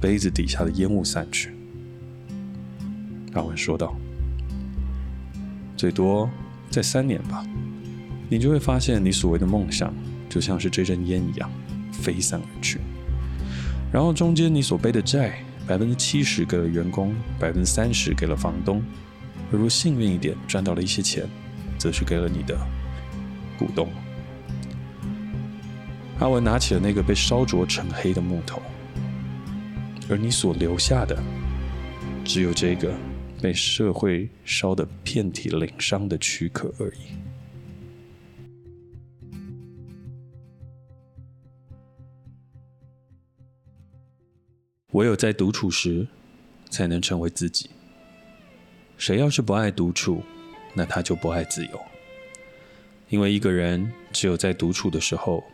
杯子底下的煙霧散去，阿文說道：“最多再三年吧，你就會發現你所謂的夢想，就像是這陣煙一樣，飛散而去。然後中間你所背的債，百分之七十給了員工，百分之三十給了房東。而如果幸運一點賺到了一些錢，則是給了你的股東。”阿文拿起了那個被燒灼成黑的木頭。而你所留下的，只有這個被社會燒得遍體鱗傷的軀殼而已。唯有在獨處時，才能成為自己。誰要是不愛獨處，那他就不愛自由。因為一個人只有在獨處的時候，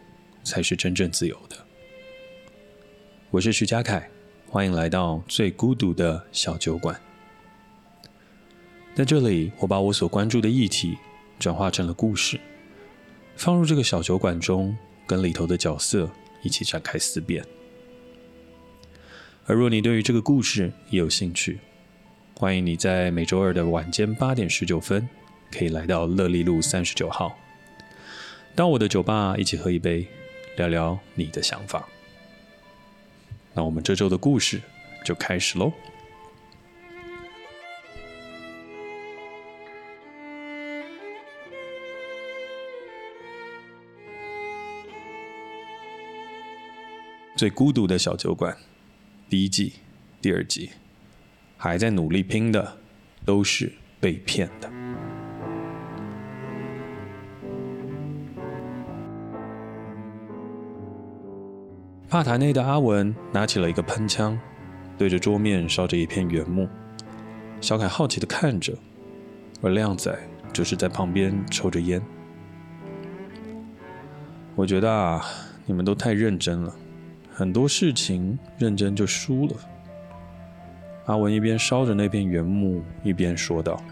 才是真正自由的。我是徐佳凱。歡迎來到最孤獨的小酒館，在這裡，我把我所關注的議題轉化成了故事，放入這個小酒館中，跟裡頭的角色一起展開思辨。而若你對於這個故事也有興趣，歡迎你在每周二的晚間八點十九分，可以來到樂利路三十九號，到我的酒吧一起喝一杯，聊聊你的想法。那我們這周的故事就開始嘍，《最孤獨的小酒館》第一季，第二集，還在努力拼的，都是被騙的。吧台內的阿文拿起了一個噴槍，對着桌面燒着一片原木。小凱好奇地看着，而亮仔只是在旁邊抽着煙。我覺得啊，你們都太認真了，很多事情認真就輸了。阿文一邊燒着那片原木，一邊說道。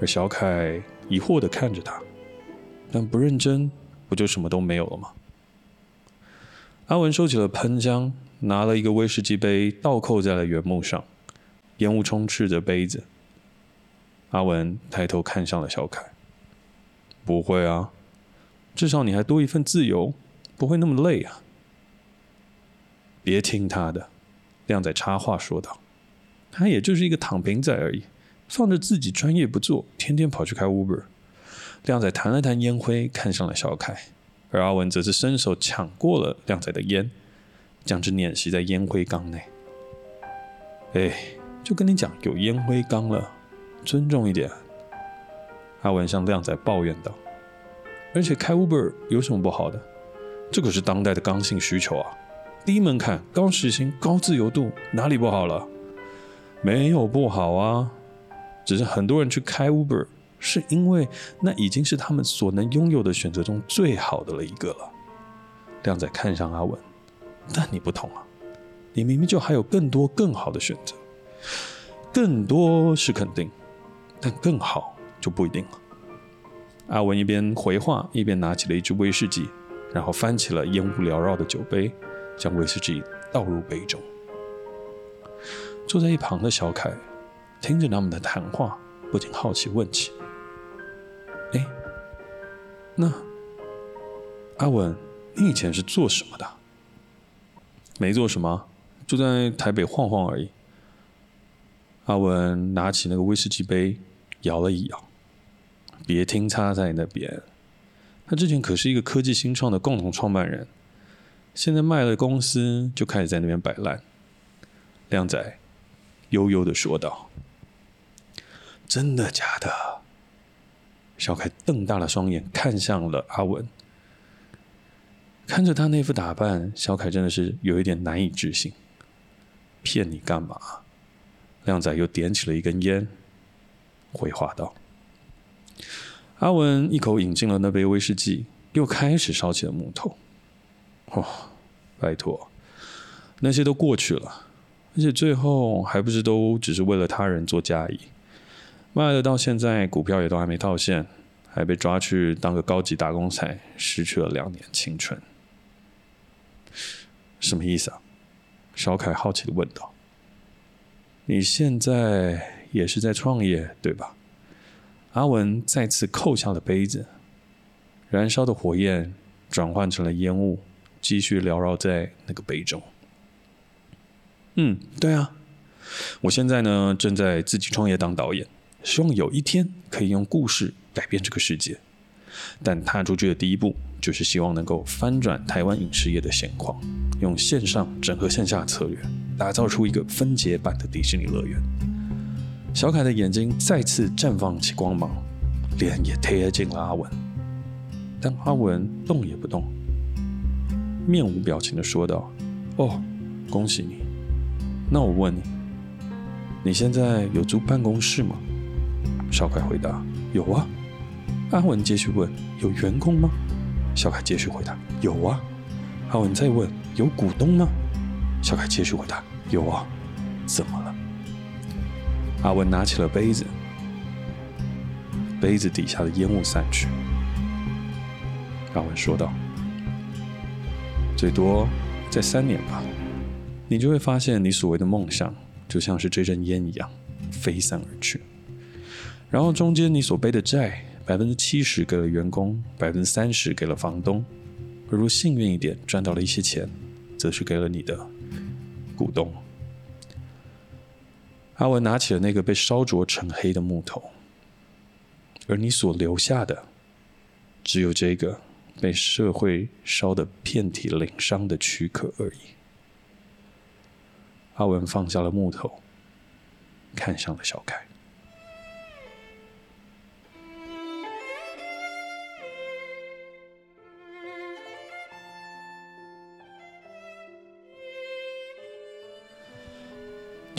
而小凱疑惑地看着他，但不認真不就什麼都沒有了嗎？阿文收起了噴槍，拿了一個威士忌杯倒扣在了原木上，煙霧充斥着杯子。阿文抬頭看向了小凱：“不會啊，至少你還多一份自由，不會那麼累啊。”別聽他的，靚仔插話說道：“他也就是一個躺平仔而已，放着自己專業不做，天天跑去開 Uber。”靚仔彈了彈煙灰，看向了小凱。而阿文則是伸手搶過了靚仔的煙，將之碾熄在煙灰缸內。哎，就跟你講，有煙灰缸了，尊重一點。阿文向靚仔抱怨道：“而且開 Uber 有什麼不好的？這可是當代的剛性需求啊！低門檻、高時薪、高自由度，哪裡不好了？沒有不好啊，只是很多人去開 Uber。”是因為那已經是他們所能擁有的選擇中最好的了一個了。靚仔看向阿文，但你不同啊，你明明就還有更多更好的選擇。更多是肯定，但更好就不一定了。阿文一邊回話，一邊拿起了一支威士忌，然後翻起了煙霧繚繞的酒杯，將威士忌倒入杯中。坐在一旁的小凱聽着他們的談話，不禁好奇問起。那，阿文，你以前是做什麼的？沒做什麼，就在台北晃晃而已。阿文拿起那個威士忌杯，搖了一搖。別聽他在那邊，他之前可是一個科技新創的共同創辦人，現在賣了公司，就開始在那邊擺爛。靚仔悠悠的說道：“真的假的？”小凱瞪大了雙眼，看向了阿文，看着他那副打扮，小凱真的是有一點難以置信。騙你幹嘛？靚仔又點起了一根煙，回話道：“阿文一口飲盡了那杯威士忌，又開始燒起了木頭。”哦，拜托，那些都過去了，而且最後還不是都只是為了他人做嫁衣。賣了到現在，股票也都還沒套現，還被抓去當個高級打工仔，失去了兩年青春。什麼意思啊？小凱好奇的問道：“你現在也是在創業，對吧？”阿文再次扣下了杯子，燃燒的火焰轉換成了煙霧，繼續繚繞在那個杯中。嗯，對啊，我現在呢，正在自己創業當導演。希望有一天可以用故事改變這個世界，但踏出去的第一步就是希望能夠翻轉台灣影視業的現況，用線上整合線下策略，打造出一個分解版的迪士尼樂園。小凱的眼睛再次綻放起光芒，臉也貼近了阿文，但阿文動也不動，面無表情的說道：“哦，恭喜你。那我問你，你現在有租辦公室嗎？”小凱回答：“有啊。”阿文繼續問：“有員工嗎？”小凱繼續回答：“有啊。”阿文再問：“有股東嗎？”小凱繼續回答：“有啊。”怎麼了？阿文拿起了杯子，杯子底下的煙霧散去。阿文說道：“最多再三年吧，你就會發現你所謂的夢想，就像是這陣煙一樣，飛散而去。”然後中間你所背的債，百分之七十給了員工，百分之三十給了房東，而若幸運一點賺到了一些錢，則是給了你的股東。阿文拿起了那個被燒灼成黑的木頭，而你所留下的，只有這個被社會燒得遍體鱗傷的軀殼而已。阿文放下了木頭，看向了小凱。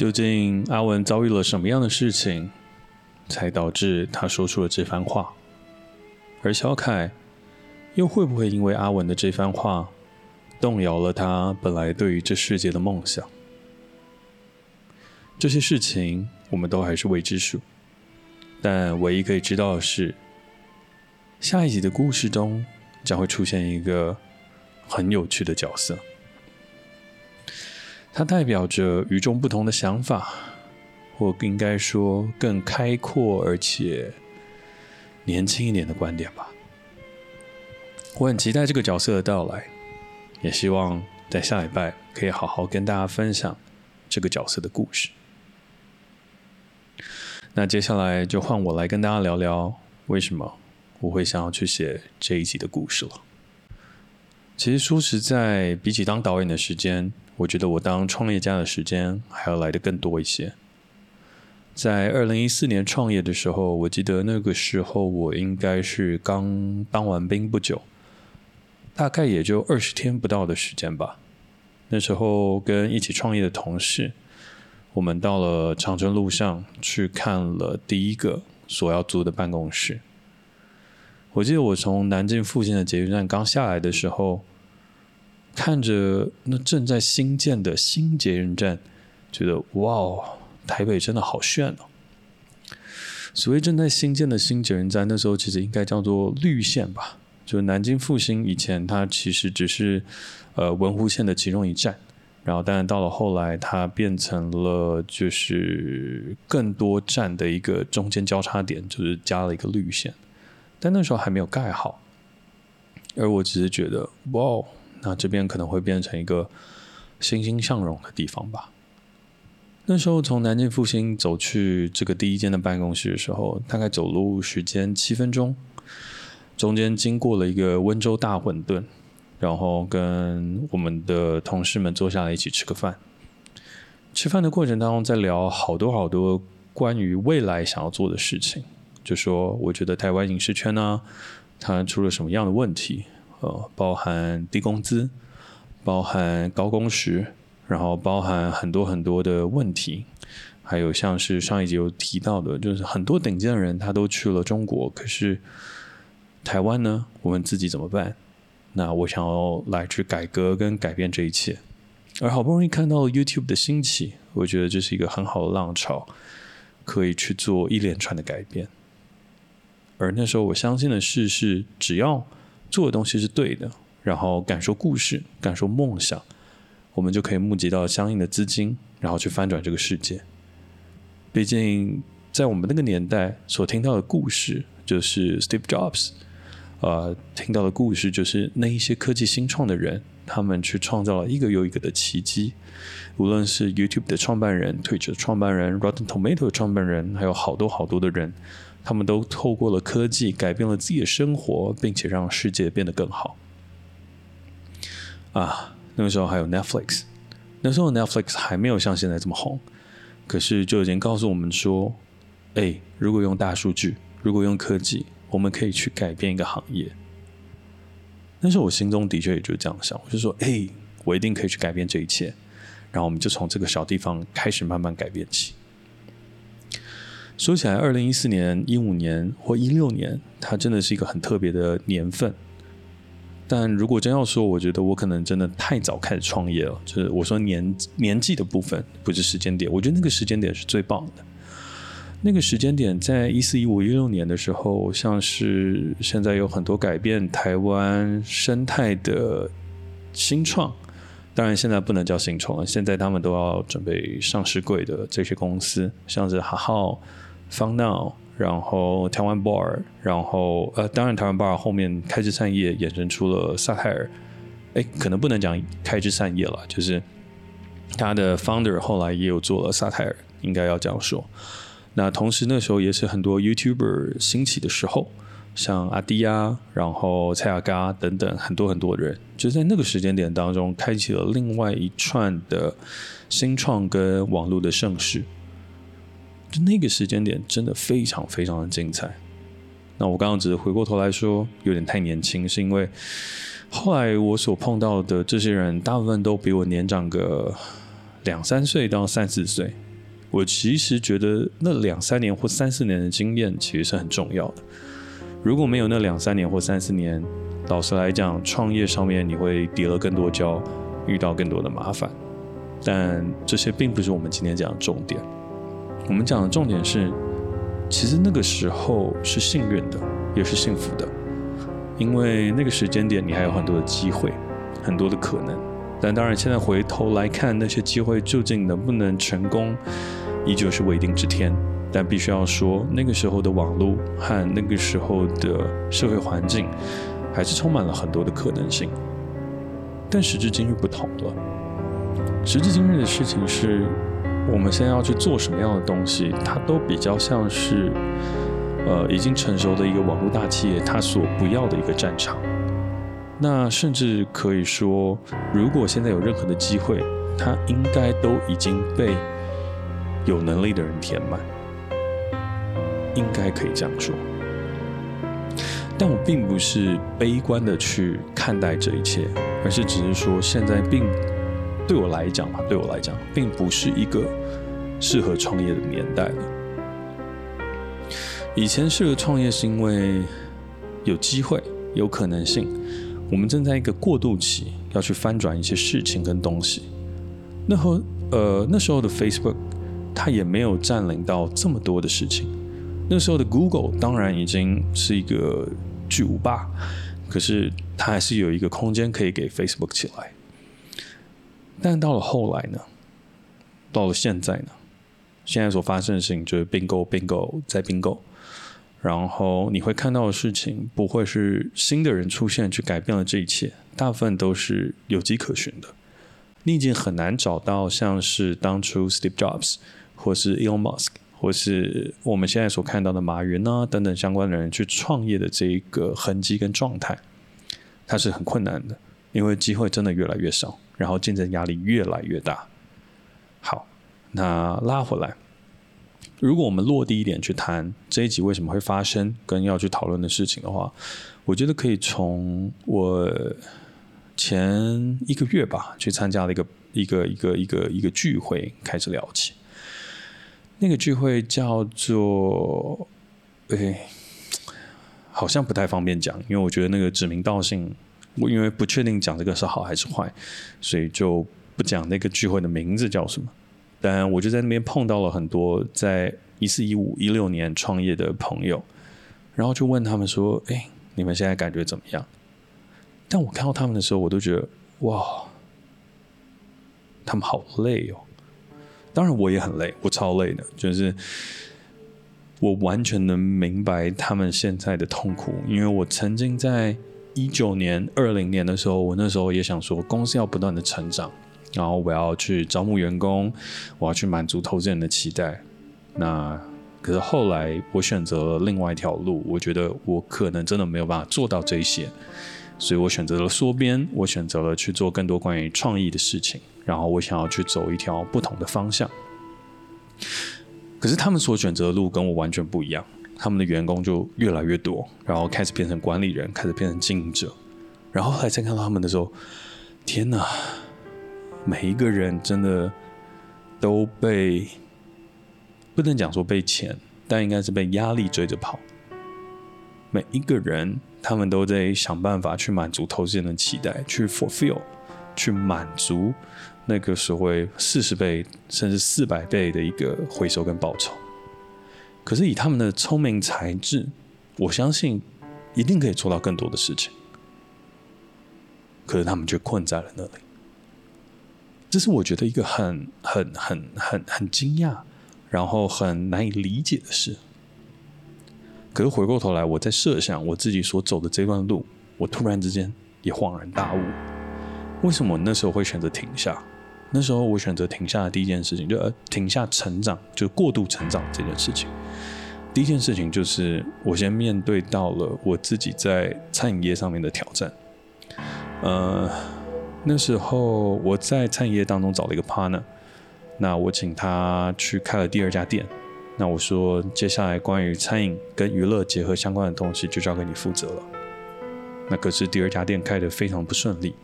究竟阿文遭遇了什麼樣的事情，才導致他說出了這番話？而小凱又會不會因為阿文的這番話，動搖了他本來對於這世界的夢想？這些事情我們都還是未知數。但唯一可以知道的是，下一集的故事中將會出現一個很有趣的角色。它代表着與眾不同的想法，或更應該說更開闊而且年輕一點的觀點吧。我很期待這個角色的到來，也希望在下禮拜可以好好跟大家分享這個角色的故事。那接下來就換我來跟大家聊聊，為什麼我會想要去寫這一集的故事了。其實說實在，比起當導演的時間，我覺得我當創業家的時間還要來得更多一些。在二零一四年創業的時候，我記得那個時候我應該是剛當完兵不久，大概也就二十天不到的時間吧。那時候跟一起創業的同事，我們到了長春路上去看了第一個所要租的辦公室。我記得我從南京附近的捷運站剛下來的時候，看着那正在新建的新捷運站，覺得哇哦，台北真的好炫哦！所謂正在新建的新捷運站，那時候其實應該叫做綠線吧，就是南京復興以前，它其實只是呃文湖線的其中一站，然後當然到了後來，它變成了就是更多站的一個中間交叉點，就是加了一個綠線，但那時候還沒有蓋好，而我只是覺得哇哦。那這邊可能會變成一個欣欣向榮的地方吧。那時候從南京復興走去這個第一間的辦公室的時候，大概走路時間七分鐘，中間經過了一個溫州大餛飩，然後跟我們的同事們坐下來一起吃個飯。吃飯的過程當中，在聊好多好多關於未來想要做的事情，就說我覺得台灣影視圈呢、啊，它出了什麼樣的問題。呃，包含低工資，包含高工時，然後包含很多很多的問題，還有像是上一集有提到的，就是很多頂尖的人他都去了中國，可是台灣呢，我們自己怎麼辦？那我想要來去改革跟改變這一切，而好不容易看到 YouTube 的興起，我覺得這是一個很好的浪潮，可以去做一連串的改變。而那時候我相信的事是，只要做的東西是對的，然後感受故事，感受夢想，我們就可以募集到相應的資金，然後去翻轉這個世界。畢竟，在我們那個年代所聽到的故事，就是 Steve Jobs，呃，聽到的故事就是那一些科技新創的人，他們去創造了一個又一個的奇蹟，無論是 YouTube 的創辦人、嗯、Twitch 的創辦人、Rotten Tomato 的創辦人，還有好多好多的人。他們都透過了科技改變了自己的生活，並且讓世界變得更好。啊，那個時候還有 Netflix，那時候 Netflix 還沒有像現在這麼紅，可是就已經告訴我們說：“哎、欸，如果用大數據，如果用科技，我們可以去改變一個行業。”那時候我心中的確也就這樣想，我就說：“哎、欸，我一定可以去改變這一切。”然後我們就從這個小地方開始慢慢改變起。說起來，二零一四年、一五年或一六年，它真的是一個很特別的年份。但如果真要說，我覺得我可能真的太早開始創業了。就是我說年年紀的部分，不是時間點。我覺得那個時間點是最棒的。那個時間點在一四、一五、一六年的時候，像是現在有很多改變台灣生態的新創，當然現在不能叫新創了。現在他們都要準備上市櫃的這些公司，像是哈好，好。方 Now 然後台灣 Bar，然後呃，當然台灣 Bar 後面開枝散葉衍生出了薩泰爾，誒，可能不能講開枝散葉了，就是他的 founder 後來也有做了薩泰爾，應該要這樣說。那同時那時候也是很多 YouTuber 興起的時候，像阿滴呀，然後蔡阿嘎等等很多很多人，就在那個時間點當中開啟了另外一串的新創跟網絡的盛世。就那個時間點真的非常非常的精彩。那我剛剛只是回過頭來說，有點太年輕，是因為後來我所碰到的這些人大部分都比我年長個兩三歲到三四歲。我其實覺得那兩三年或三四年的經驗其實是很重要的。如果沒有那兩三年或三四年，老實來講，創業上面你會跌了更多跤，遇到更多的麻煩。但這些並不是我們今天講的重點。我們講的重點是，其實那個時候是幸運的，也是幸福的，因為那個時間點你還有很多的機會，很多的可能。但當然，現在回頭來看，那些機會究竟能不能成功，依舊是未定之天。但必須要說，那個時候的網絡和那個時候的社會環境，還是充滿了很多的可能性。但時至今日不同了，時至今日的事情是。我們現在要去做什麼樣的東西，它都比較像是，呃，已經成熟的一個網絡大企業，它所不要的一個戰場。那甚至可以說，如果現在有任何的機會，它應該都已經被有能力的人填滿，應該可以這樣說。但我並不是悲觀的去看待這一切，而是只是說現在並。對我來講吧，對我來講，並不是一個適合創業的年代了。以前適合創業是因為有機會、有可能性。我們正在一個過渡期，要去翻轉一些事情跟東西。那和呃那時候的 Facebook，它也沒有佔領到這麼多的事情。那時候的 Google 當然已經是一個巨無霸，可是它還是有一個空間可以給 Facebook 起來。但到了後來呢？到了現在呢？現在所發生的事情就是併購、併購再併購，然後你會看到的事情不會是新的人出現去改變了這一切，大部分都是有跡可循的。你已經很難找到像是當初 Steve Jobs 或是 Elon Musk 或是我們現在所看到的馬雲啊等等相關的人去創業的這一個痕跡跟狀態，它是很困難的，因為機會真的越來越少。然後競爭壓力越來越大。好，那拉回來。如果我們落地一點去談這一集為什麼會發生，跟要去討論的事情的話，我覺得可以從我前一個月吧，去參加了一個一個一個一個一個聚會開始聊起。那個聚會叫做……哎，好像不太方便講，因為我覺得那個指名道姓。我因為不確定講這個是好還是壞，所以就不講那個聚會的名字叫什麼。但我就在那邊碰到了很多在一四一五一六年創業的朋友，然後就問他們說：“哎，你們現在感覺怎麼樣？”但我看到他們的時候，我都覺得，哇，他們好累哦。當然我也很累，我超累的，就是我完全能明白他們現在的痛苦，因為我曾經在。一九年、二零年的時候，我那時候也想說，公司要不斷的成長，然後我要去招募員工，我要去滿足投資人的期待。那可是後來我選擇了另外一條路，我覺得我可能真的沒有辦法做到這些，所以我選擇了縮編，我選擇了去做更多關於創意的事情，然後我想要去走一條不同的方向。可是他們所選擇的路跟我完全不一樣。他們的員工就越來越多，然後開始變成管理人，開始變成經營者。然後後來再看到他們的時候，天哪！每一個人真的都被，不能講說被錢，但應該是被壓力追着跑。每一個人，他們都在想辦法去滿足投資人的期待，去 fulfill，去滿足那個所謂四十倍甚至四百倍的一個回收跟報酬。可是以他們的聰明才智，我相信一定可以做到更多的事情。可是他們卻困在了那裡，這是我覺得一個很、很、很、很、很驚訝，然後很難以理解的事。可是回過頭來，我在設想我自己所走的這段路，我突然之間也恍然大悟：為什麼我那時候會選擇停下？那時候我選擇停下的第一件事情，就、呃、停下成長，就是過度成長這件事情。第一件事情就是我先面對到了我自己在餐飲業上面的挑戰。呃，那時候我在餐飲業當中找了一個 partner，那我請他去開了第二家店。那我說接下來關於餐飲跟娛樂結合相關的東西就交給你負責了。那可是第二家店開得非常不順利。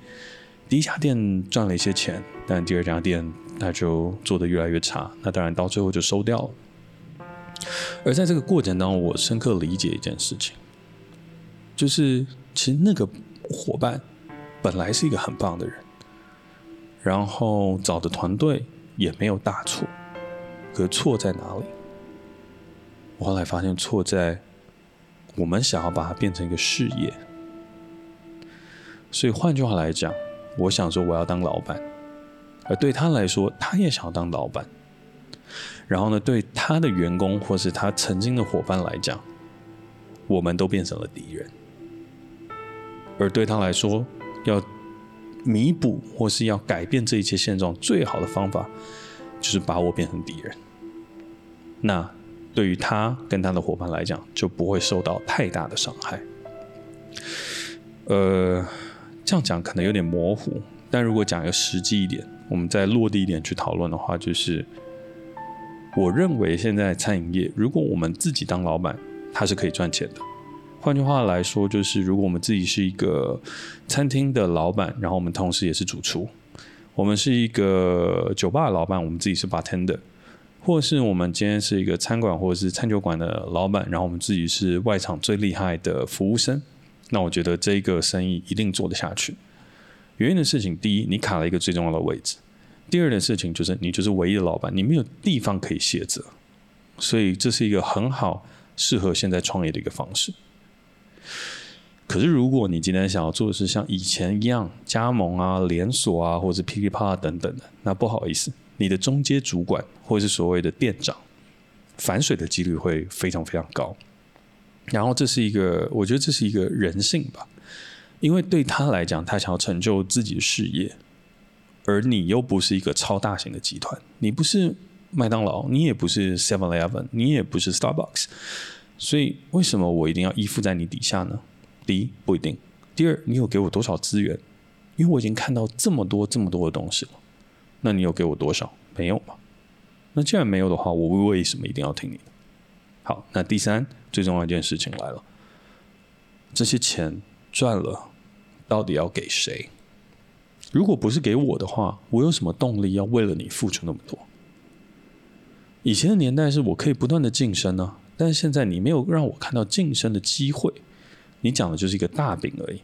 第一家店賺了一些錢，但第二家店它就做得越來越差，那當然到最後就收掉了。而在這個過程當中，我深刻理解一件事情，就是其實那個夥伴本來是一個很棒的人，然後找的團隊也沒有大錯，可錯在哪裡？我後來發現錯在我們想要把它變成一個事業，所以換句話來講。我想說，我要當老闆，而對他來說，他也想要當老闆。然後呢，對他的員工或是他曾經的夥伴來講，我們都變成了敵人。而對他來說，要彌補或是要改變這一切現狀，最好的方法就是把我變成敵人。那對於他跟他的夥伴來講，就不會受到太大的傷害。呃。這樣講可能有點模糊，但如果講一個實際一點，我們再落地一點去討論的話，就是我認為現在餐飲業，如果我們自己當老闆，它是可以賺錢的。換句話來說，就是如果我們自己是一個餐廳的老闆，然後我們同時也是主廚，我們是一個酒吧的老闆，我們自己是 bartender，或是我們今天是一個餐館或者是餐酒館的老闆，然後我們自己是外場最厲害的服務生。那我覺得這個生意一定做得下去。原因的事情，第一，你卡了一個最重要的位置；第二的事情就是，你就是唯一的老板，你沒有地方可以卸責，所以這是一個很好適合現在創業的一個方式。可是，如果你今天想要做的是像以前一樣加盟啊、連鎖啊，或者噼里啪啦等等的，那不好意思，你的中階主管或者是所謂的店長反水的幾率會非常非常高。然後這是一個，我覺得這是一個人性吧，因為對他來講，他想要成就自己的事業，而你又不是一個超大型的集團，你不是麥當勞，你也不是 Seven Eleven，你也不是 Starbucks，所以為什麼我一定要依附在你底下呢？第一，不一定；第二，你有給我多少資源？因為我已經看到這麼多、這麼多的東西了，那你有給我多少？沒有吧？那既然沒有的話，我為什麼一定要聽你的？好，那第三最重要一件事情來了，這些錢賺了，到底要給誰？如果不是給我的話，我有什麼動力要為了你付出那麼多？以前的年代是我可以不斷的晉升呢、啊，但是現在你沒有讓我看到晉升的機會，你講的就是一個大餅而已。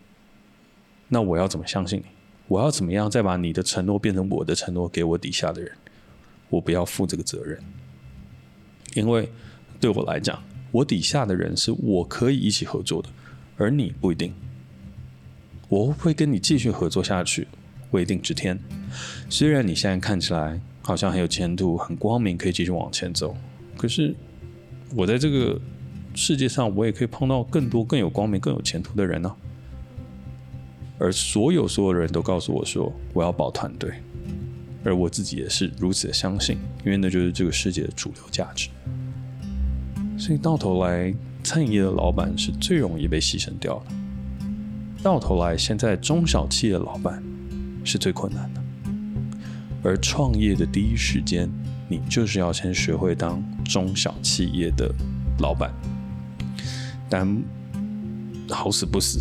那我要怎麼相信你？我要怎麼樣再把你的承諾變成我的承諾？給我底下的人，我不要負這個責任，因為。對我來講，我底下的人是我可以一起合作的，而你不一定。我會跟你繼續合作下去，未定之天。雖然你現在看起來好像很有前途、很光明，可以繼續往前走，可是我在這個世界上，我也可以碰到更多更有光明、更有前途的人呢、啊。而所有所有的人都告訴我說，我要保團隊，而我自己也是如此的相信，因為那就是這個世界的主流價值。所以到頭來，餐飲業的老闆是最容易被犧牲掉的。到頭來，現在中小企業的老闆是最困難的。而創業的第一時間，你就是要先學會當中小企業的老闆。但好死不死，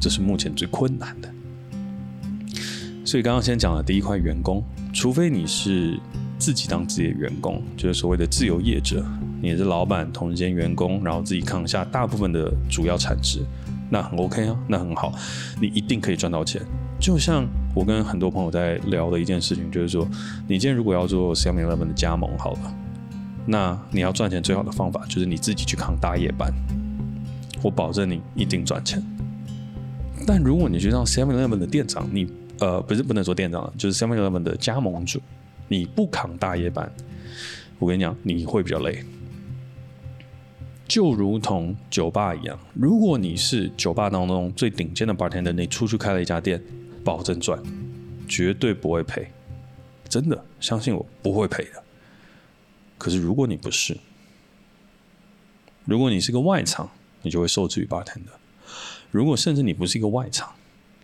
這是目前最困難的。所以剛剛先講的第一塊員工，除非你是。自己當自己的員工，就是所謂的自由業者，你也是老闆，同時間員工，然後自己扛下大部分的主要產值，那很 OK 啊，那很好，你一定可以賺到錢。就像我跟很多朋友在聊的一件事情，就是說，你今天如果要做 Seven Eleven 的加盟，好了，那你要賺錢最好的方法就是你自己去扛大夜班，我保證你一定賺錢。但如果你去讓 Seven Eleven 的店長，你呃不是不能做店長了，就是 Seven Eleven 的加盟主。你不扛大夜班，我跟你講，你會比較累。就如同酒吧一樣，如果你是酒吧當中最頂尖的 bartender，你出去開了一家店，保證賺，絕對不會賠，真的，相信我，不會賠的。可是如果你不是，如果你是個外場，你就會受制於 bartender。如果甚至你不是一個外場，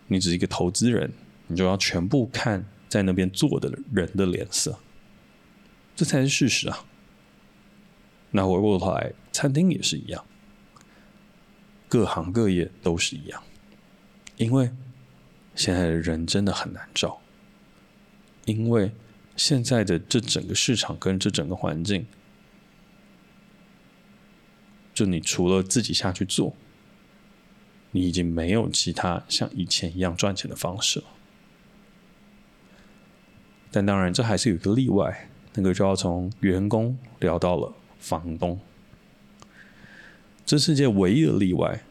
你只是一個投資人，你就要全部看在那邊做的人的臉色，這才是事實啊。那回過頭來，餐廳也是一樣，各行各業都是一樣，因為現在的人真的很難招，因為現在的這整個市場跟這整個環境，就你除了自己下去做，你已經沒有其他像以前一樣賺錢的方式了。但當然，這還是有一個例外，那個就要從員工聊到了房東。這世界唯一的例外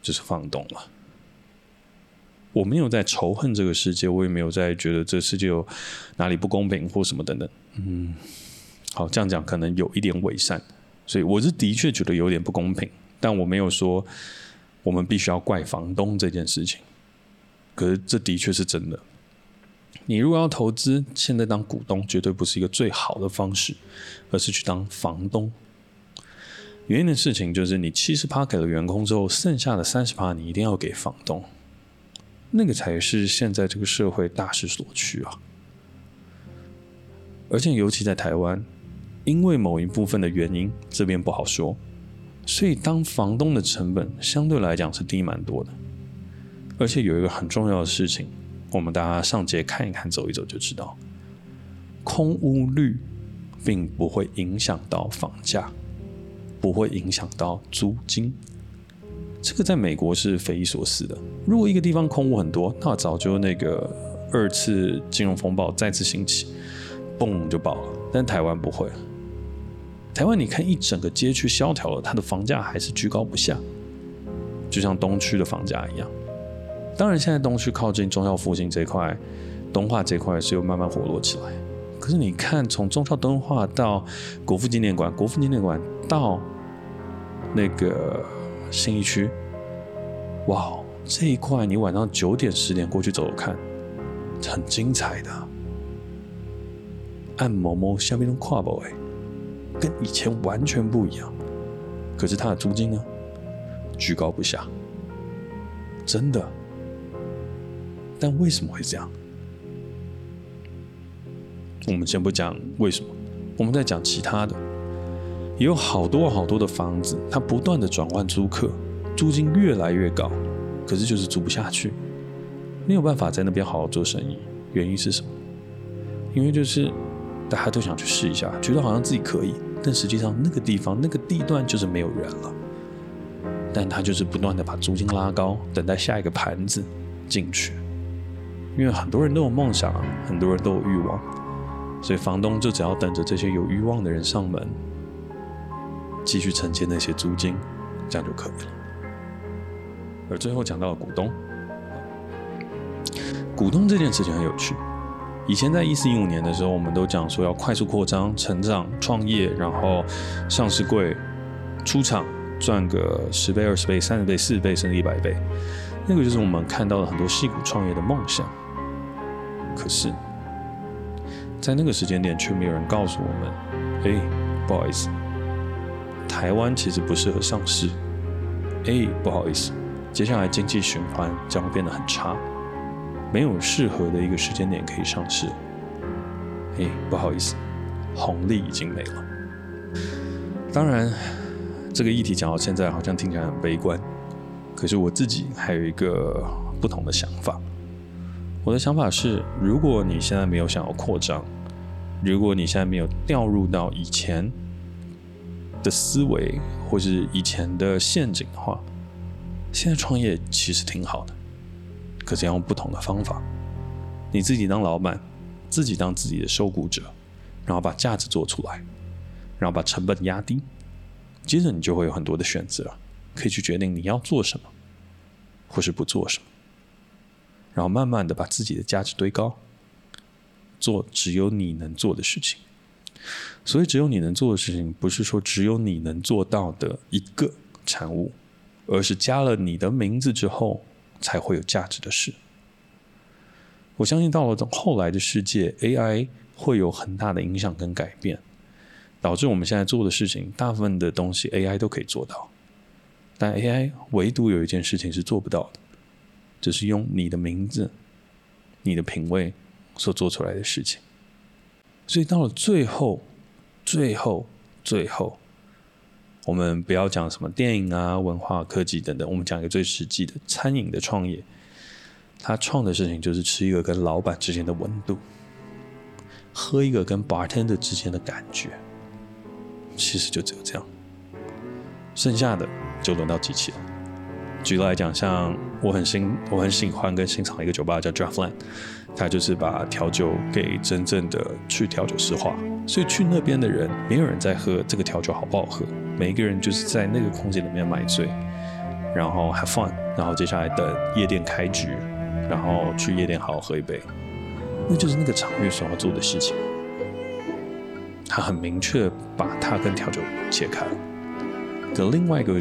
就是房東了。我沒有在仇恨這個世界，我也沒有在覺得這世界有哪裡不公平或什麼等等。嗯，好，這樣講可能有一點偽善，所以我是的確覺得有點不公平，但我沒有說我們必須要怪房東這件事情。可是這的確是真的。你如果要投資，現在當股東絕對不是一個最好的方式，而是去當房東。原因的事情就是你70，你七十趴給了員工之後，剩下的三十趴你一定要給房東，那個才是現在這個社會大勢所趨啊。而且尤其在台灣，因為某一部分的原因，這邊不好說。所以當房東的成本相對來講是低蠻多的，而且有一個很重要的事情。我們大家上街看一看，走一走就知道，空屋率並不會影響到房價，不會影響到租金。這個在美國是匪夷所思的。如果一個地方空屋很多，那早就那個二次金融風暴再次興起，嘣就爆了。但台灣不會，台灣你看一整個街區蕭條了，它的房價還是居高不下，就像東區的房價一樣。當然，現在東區靠近忠孝附近，這一塊、東化這一塊，是又慢慢活絡起來。可是你看，從忠孝東化到國父紀念館，國父紀念館到那個信義區，哇，這一塊你晚上九點、十點過去走走看，很精彩的，按摩、摩下面的跨步誒跟以前完全不一樣。可是它的租金呢，居高不下，真的。但為什麼會這樣？我們先不講為什麼，我們再講其他的。也有好多好多的房子，它不斷的轉換租客，租金越來越高，可是就是租不下去，沒有辦法在那邊好好做生意。原因是什麼？因為就是大家都想去試一下，覺得好像自己可以，但實際上那個地方那個地段就是沒有人了。但他就是不斷的把租金拉高，等待下一個盤子進去。因為很多人都有夢想，很多人都有慾望，所以房東就只要等着這些有慾望的人上門，繼續承接那些租金，這樣就可以了。而最後講到了股東，股東這件事情很有趣。以前在一四一五年的時候，我們都講說要快速擴張、成長、創業，然後上市櫃、出場，賺個十倍、二十倍、三十倍、四十倍，甚至一百倍。那個就是我們看到了很多矽谷創業的夢想。可是，在那個時間點，卻沒有人告訴我們：“哎，不好意思，台灣其實不適合上市。”“哎，不好意思，接下來經濟循環將會變得很差，沒有適合的一個時間點可以上市。”“哎，不好意思，紅利已經沒了。”當然，這個議題講到現在，好像聽起來很悲觀。可是我自己還有一個不同的想法。我的想法是，如果你現在沒有想要擴張，如果你現在沒有掉入到以前的思維或是以前的陷阱的話，現在創業其實挺好的，可是要用不同的方法。你自己當老闆，自己當自己的受僱者，然後把價值做出來，然後把成本壓低，接着你就會有很多的選擇，可以去決定你要做什麼，或是不做什麼。然後慢慢的把自己的價值堆高，做只有你能做的事情，所以只有你能做的事情，不是說只有你能做到的一個產物，而是加了你的名字之後才會有價值的事。我相信到了後來的世界，AI 會有很大的影響跟改變，導致我們現在做的事情，大部分的東西 AI 都可以做到，但 AI 唯獨有一件事情是做不到的。只、就是用你的名字、你的品味所做出來的事情，所以到了最後、最後、最後，我們不要講什麼電影啊、文化、科技等等，我們講一個最實際的餐飲的創業，他創的事情就是吃一個跟老闆之間的溫度，喝一個跟 bartender 之間的感覺，其實就只有這樣，剩下的就輪到機器了。舉例來講，像我很欣我很喜歡跟欣賞一個酒吧叫 Draft Land，他就是把調酒給真正的去調酒師化，所以去那邊的人沒有人在喝這個調酒好不好喝，每一個人就是在那個空間裡面買醉，然後 have fun，然後接下來等夜店開局，然後去夜店好好喝一杯，那就是那個場域所要做的事情，他很明確把他跟調酒切開的另外一個。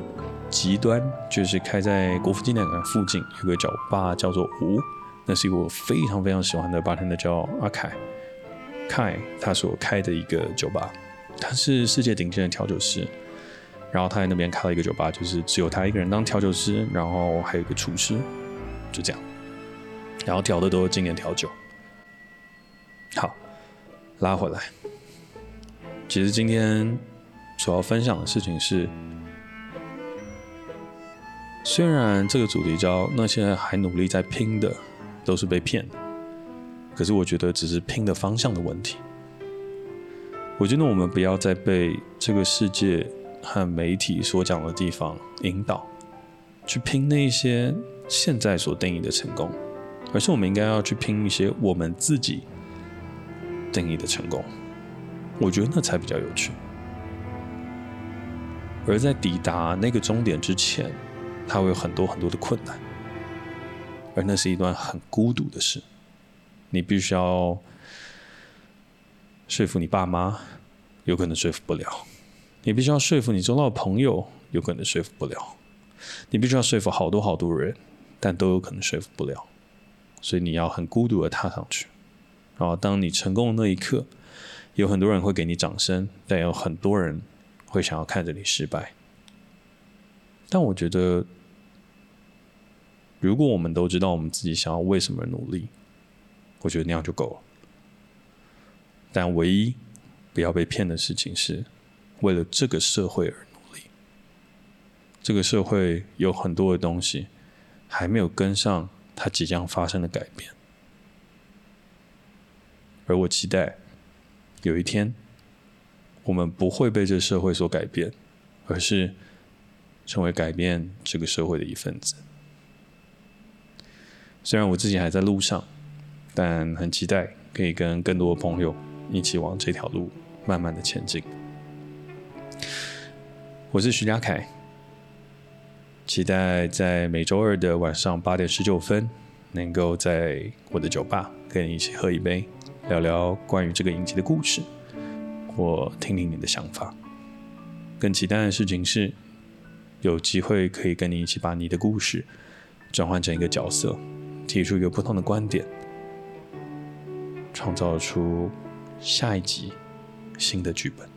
極端就是開在國父紀念館附近，有個酒吧叫做吾，那是一個我非常非常喜歡的吧台的叫阿凱，凱他所開的一個酒吧，他是世界頂尖的調酒師，然後他在那邊開了一個酒吧，就是只有他一個人當調酒師，然後還有一個廚師，就這樣，然後調的都是經典調酒。好，拉回來，其實今天所要分享的事情是。雖然這個主題叫“那現在還努力在拼的都是被騙的”，可是我覺得只是拼的方向的問題。我覺得我們不要再被這個世界和媒體所講的地方引導，去拼那些現在所定義的成功，而是我們應該要去拼一些我們自己定義的成功。我覺得那才比較有趣。而在抵達那個終點之前。他會有很多很多的困難，而那是一段很孤獨的事。你必須要說服你爸媽，有可能說服不了；你必須要說服你周遭的朋友，有可能說服不了；你必須要說服好多好多人，但都有可能說服不了。所以你要很孤獨的踏上去。然後，當你成功的那一刻，有很多人會給你掌聲，但也有很多人會想要看着你失敗。但我覺得。如果我們都知道我們自己想要為什麼而努力，我覺得那樣就夠了。但唯一不要被騙的事情是，為了這個社會而努力。這個社會有很多的東西還沒有跟上它即將發生的改變，而我期待有一天，我們不會被這社會所改變，而是成為改變這個社會的一份子。雖然我自己還在路上，但很期待可以跟更多的朋友一起往這條路慢慢的前進。我是徐佳凱，期待在每周二的晚上八點十九分，能夠在我的酒吧跟你一起喝一杯，聊聊關於這個影集的故事，或聽聽你的想法。更期待的事情是，有機會可以跟你一起把你的故事轉換成一個角色。提出一個不同的觀點，創造出下一集新的劇本。